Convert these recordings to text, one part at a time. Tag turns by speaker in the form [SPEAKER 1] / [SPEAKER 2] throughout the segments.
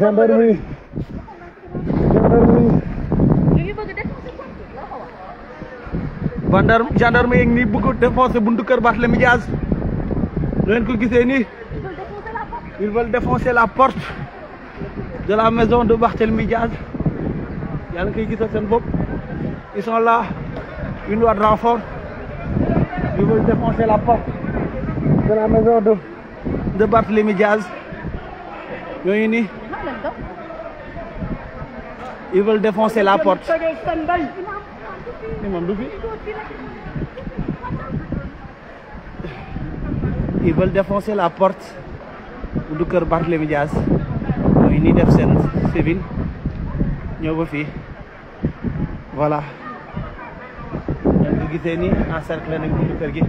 [SPEAKER 1] gendarmerie
[SPEAKER 2] gendarmerie.
[SPEAKER 1] gendarme gendarme yeeg nii bëgg défoncer buntu kër Barthélémy ko gisee nii ils veulent la porte de la maison de Barthélémy Dias yàlla koy gisal seen bopp ils sont là une loi de renfort ils veulent la porte de la maison de de Barthélémy Dias ñooñu ils veulent défoncer la porte moom du fi ils veulent défoncer la porte du kër Barthélémy Dias mooy ni def seen sébine ñëw ba fii voilà ñu gisee ni encerclé nañ buntu kër gi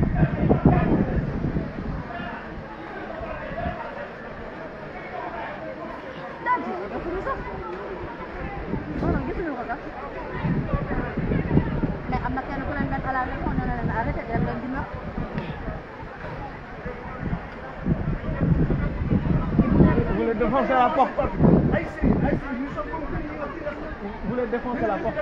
[SPEAKER 1] voulez défoncer la porte.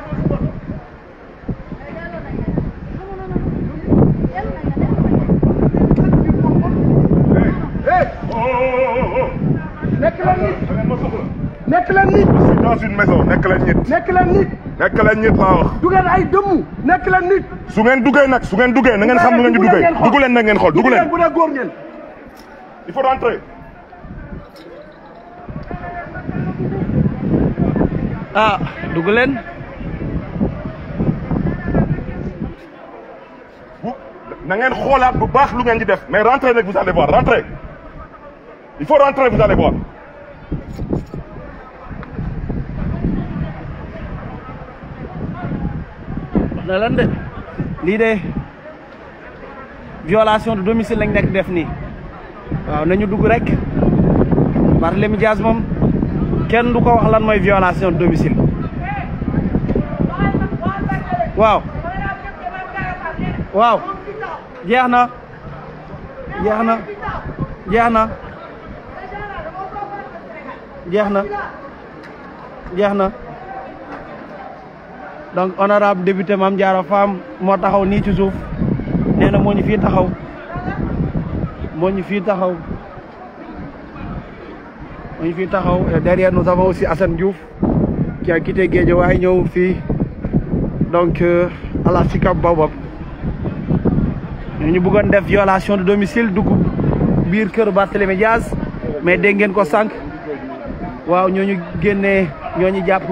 [SPEAKER 2] nekk leen nit. nekk leen nit. je suis dans une maison nekk leen nit. nekk leen nit. nekk leen nit laa wax. du ngeen ay dëmm. nekk leen nit. su ngeen duggee nag su ngeen duggee na ngeen xam lu ngeen di duggee. dugg leen na ngeen xool dugg leen bu dee góor ngeen. il faut rentrer.
[SPEAKER 1] ah dugg leen
[SPEAKER 2] nangeen xoolaat bu baax lu ngeen di def mais rentrez nag vous allez voir rentrez il faut rentrer vous allez voir
[SPEAKER 1] na lan de lii de violation de domicile lañ nekk def nii waaw nañu dugg rek Barthélémy Dias moom kenn du ko wax lan mooy violation de waaw waaw jeex na jeex na jeex na jeex na donc honorable député Mame Diarra Fam moo taxaw nii ci suuf nee na moo ñu taxaw moo fi taxaw On fi taxaw eh, derrière nous sama aussi Hassan Diouf qui a quitté waaye ñëw fii donc euh, ci la Sicap Baobab ñu bëggoon def violation de domicile dugub biir kër Barthélémy Diaz mais dégg ngeen ko sànq waaw ñooñu génnee ñooñu jàpp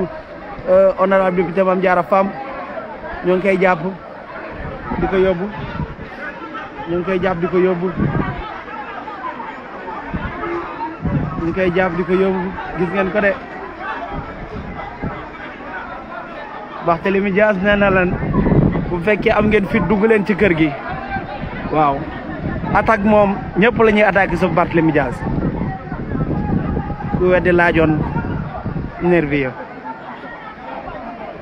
[SPEAKER 1] euh, honorable député Mame Diarra Fam ñoo ngi koy jàpp di ko yóbbu ñoo ngi koy jàpp di ñu ngi koy jàpp di ko yóbbu gis ngeen ko de Barthélémy Dias nee na leen bu fekkee am ngeen fit dugg leen ci kër gi waaw attaque moom ñëpp la ñuy attaqué sauf Barthélémy Dias ku weddi laajoon nervi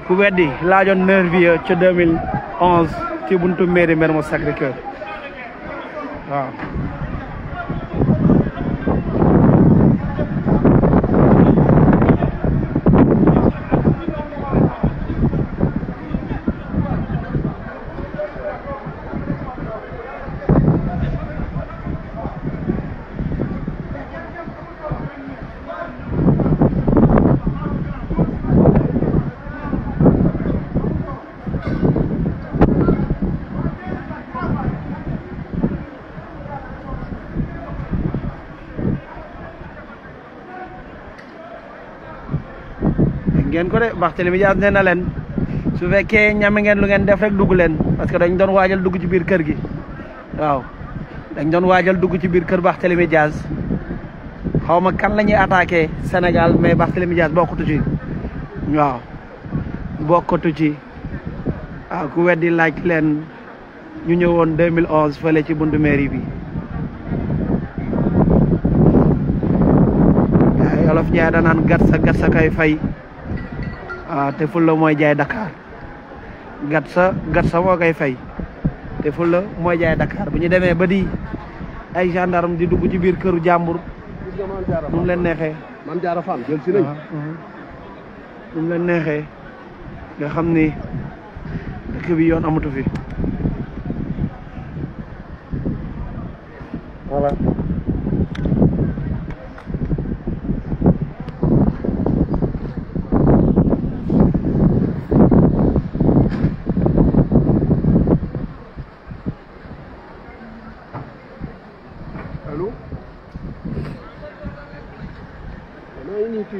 [SPEAKER 1] ku weddi laajoon nervi ca 2011 ci buntu mairie Mermoz Sacré-Cœur waaw ngeen ko de Barthélémy Dias nee na leen su fekkee ñame ngeen lu ngeen def rek dugg leen parce que dañ doon waajal dugg ci biir kër gi waaw dañ doon waajal dugg ci biir kër Barthélémy Dias xaw ma kan la ñuy attaqué Sénégal mais Barthélémy Dias bokk ci waaw bokkatu ci waaw ku weddi laaj leen ñu ñëwoon 2011 fële ci buntu mairie bi ay olof ñaay naan gat sa kay fay waaw ah, te fulla mooy jaay Dakar gatsa sa gat sa moo koy fay te fulla mooy jaay Dakar bu ñu demee ba di ay gendarme di dugg ci biir këru jàmbur nu leen neexee man jaara Fall jël si ah, ah. neexee nga xam ni dëkk bi yoon amatu fi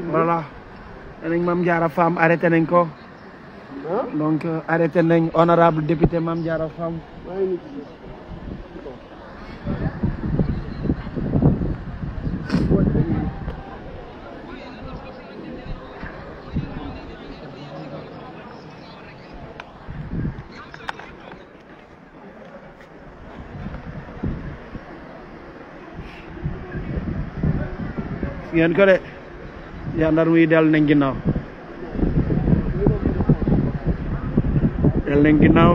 [SPEAKER 1] voilà e nañ Mame Diarra Fam arrêté nañ ko donc arrêté nañ honorable député Mame ko de gendarme yi dal nañ ginnaaw dal nañ ginnaaw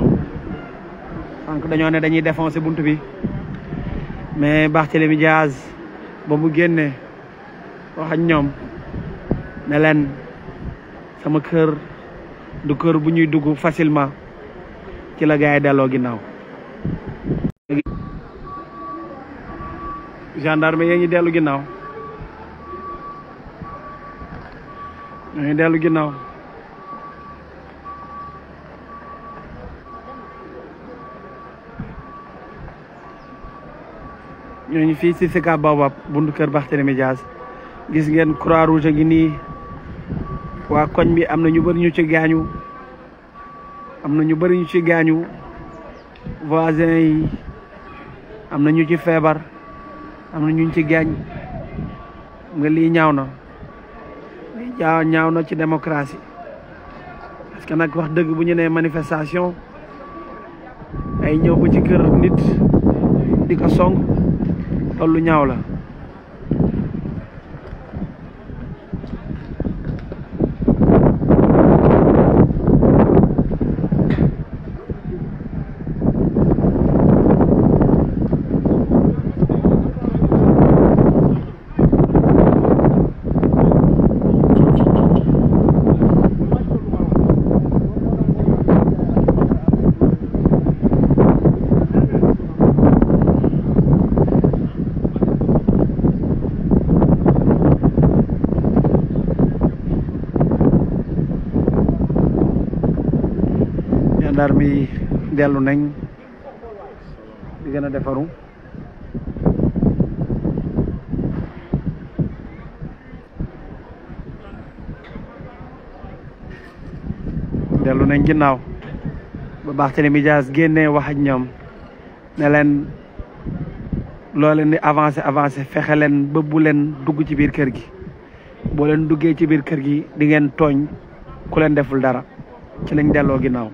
[SPEAKER 1] sànq dañoo ne dañuy défoncer bunt bi mais Barthélémy Diaz ba mu génne wax ak ñoom ne leen sama kër du kër bu ñuy dugg facilment ci la gars yi delloo ginnaaw gendarme yi ñu dellu ginnaaw maa ngi dellu ginnaaw ñoo ngi fii ci Sicap Baobab buntu kër Barthélémy Dias gis ngeen croix sa gi nii waa koñ bi am na ñu bëri ñu ci gaañu am na ñu bari ñu ci gaañu voisin yi am na ñu ci feebar am na ñu ci gaañ nga lii ñaaw na yaa ñaaw na ci démocratie parce que nag wax dëgg bu ñu nee manifestation ay ñëw ba ci kër nit di ko song loolu ñaaw la famille dellu nañ di gën a defaru dellu nañ ginnaaw ba ne Dias génnee wax ak ñoom ne leen loo leen di avancé avancé fexe leen ba bu leen dugg ci biir kër gi boo leen duggee ci biir kër gi di ngeen tooñ ku leen deful dara ci lañ delloo ginnaaw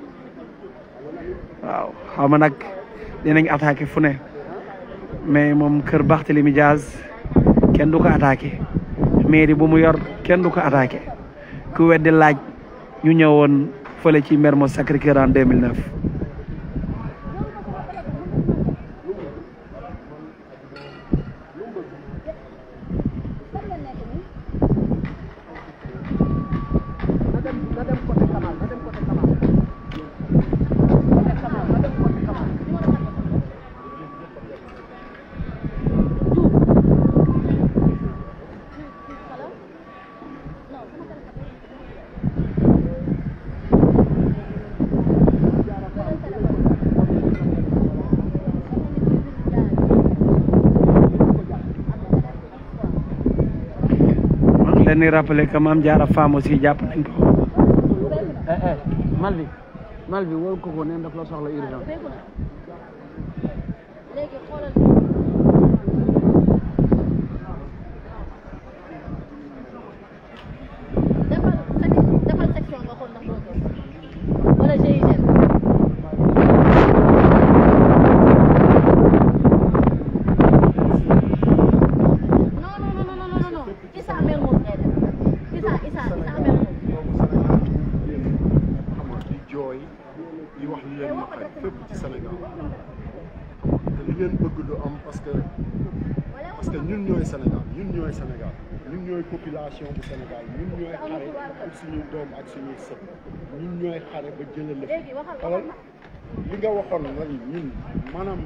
[SPEAKER 1] waaw xaw ma nag dinañ attaqué fu ne mais moom kër Barthélémy Diaz kenn du ko attaqué mairie bu mu yor kenn du ko attaqué ku weddi laaj ñu ñëwoon fële ci Mermoz Sacré-Cœur en 2009 leen rappeler que maam jaara faam aussi jàpp nañ eh, eh, mal bi mal bi wol ko ko neen daf la soxla urgent ah,
[SPEAKER 2] ngeen bëgg du am parce que parce que ñun ñooy Sénégal ñun ñooy Sénégal ñun ñooy bu Sénégal ñun ñooy xare ak suñu ak suñuy sët ñun ñooy xare ba jëlee lépp li nga waxoon lan ñun maanaam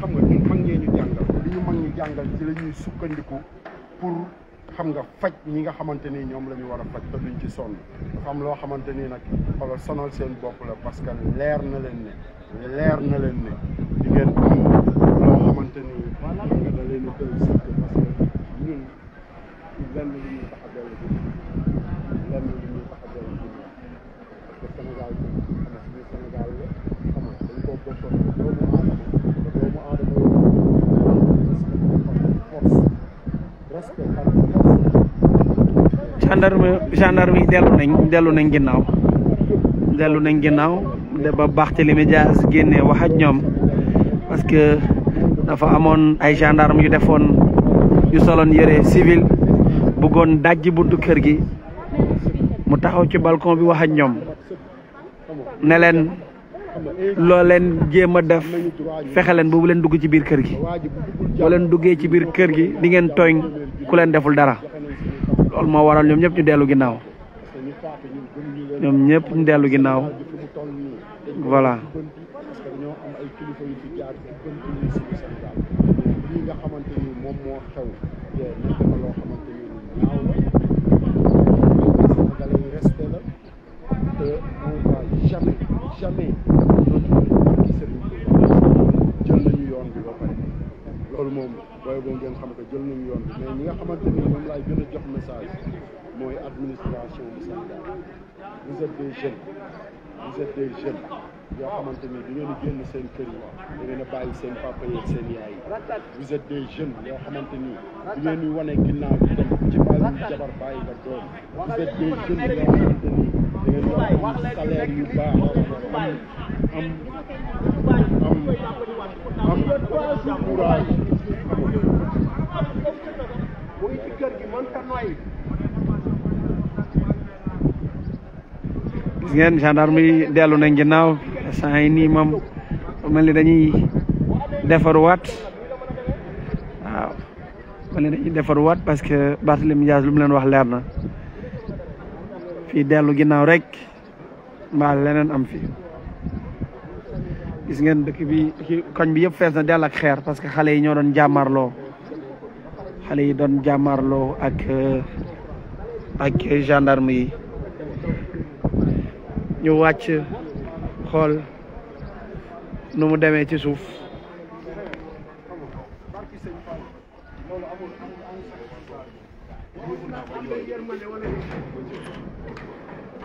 [SPEAKER 2] xam nga ñun mag ñee ñu jàngal li ñu mag ñu jàngal ci lañuy sukkandiku pour xam nga faj ñi nga xamante ni ñoom la ñu war a faj te ci sonn dafa am loo xamante ni nag xoolal sonal seen bopp la parce que leer na leen ne leer na leen ne di ngeen xamante ni a dellu bi dañ koo bokkoon
[SPEAKER 1] nañ dellu nañ ginnaaw dellu nañ ginnaaw de ba Barthélémy Dias génnee wax ak ñoom parce dafa amoon ay gendarme yu defoon yu soloon yére civil buggoon dajji buntu kër gi mu taxaw ci balcon bi wax ak ñoom ne leen loo leen jéem a def fexe leen ba bu leen dugg ci biir kër gi boo leen duggee ci biir kër gi di ngeen tooñ ku leen deful dara loolu moo waral ñoom ñépp ñu dellu ginnaaw
[SPEAKER 2] ñoom ñépp ñu dellu ginnaaw voilà. jamais dafa dootul barki jël nañu yoon bi ba pare loolu moom booy boo ngeen xam ko jël nañu yoon bi mais ñi nga xamante ni moom laay gën a jox message mooy administration du Sénégal vous êtes des jeunes vous êtes des yoo xamante ni di ngeen génn seen kër yi da ngeen bàyyi seen papa yi seen yaay yi vous êtes des jeunes yoo xamante ni di ngeen di wane ginnaaw bi dem jabar bàyyi nga doom vous êtes des jeunes yoo wax leen nekk gis
[SPEAKER 1] ngeen gendarme yi dellu nañ ginnaaw saa yi nii moom mel ni dañuy defaruwaat waaw mel ni dañuy defaruwaat parce que Barthélémy Dias lu mu leen wax leer na fii dellu ginnaaw rek mbaa leneen am fi gis ngeen dëkk bi koñ bi yëpp fees dell ak xeer parce que xale yi ñoo doon jàmmarloo xale yi doon jàmmarloo ak euh, ak gendarme yi ñu wàcc xool nu mu demee ci suuf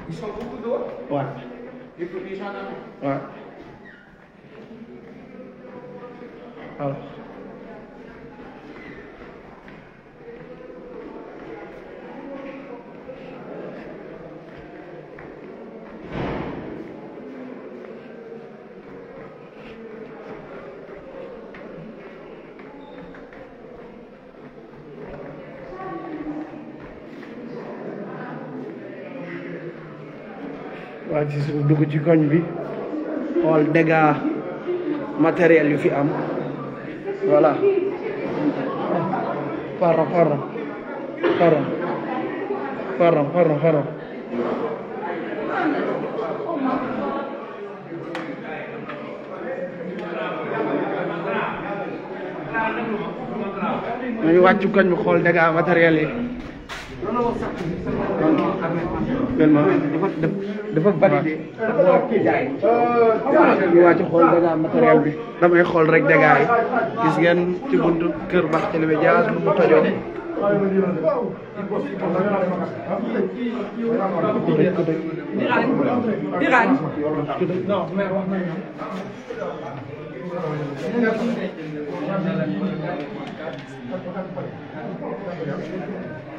[SPEAKER 2] Ils sont beaucoup d'eau Ouais. Les propriétaires en Ouais. Alors.
[SPEAKER 1] wàcc suuf dugg ci koñ bi xool dégâts matériels yu fi am voilà pardon pardon pardon pardon pardon pardon
[SPEAKER 2] ñu wàcc koñ bi xool
[SPEAKER 1] dégâts matériels yi
[SPEAKER 2] vraiment dafa dafa validé. waa ci xool dégâts matériel bi.
[SPEAKER 1] damay xool rek dégâts yi. gis ngeen ci buntu kër Barthélémy Dias lu mu tojoo.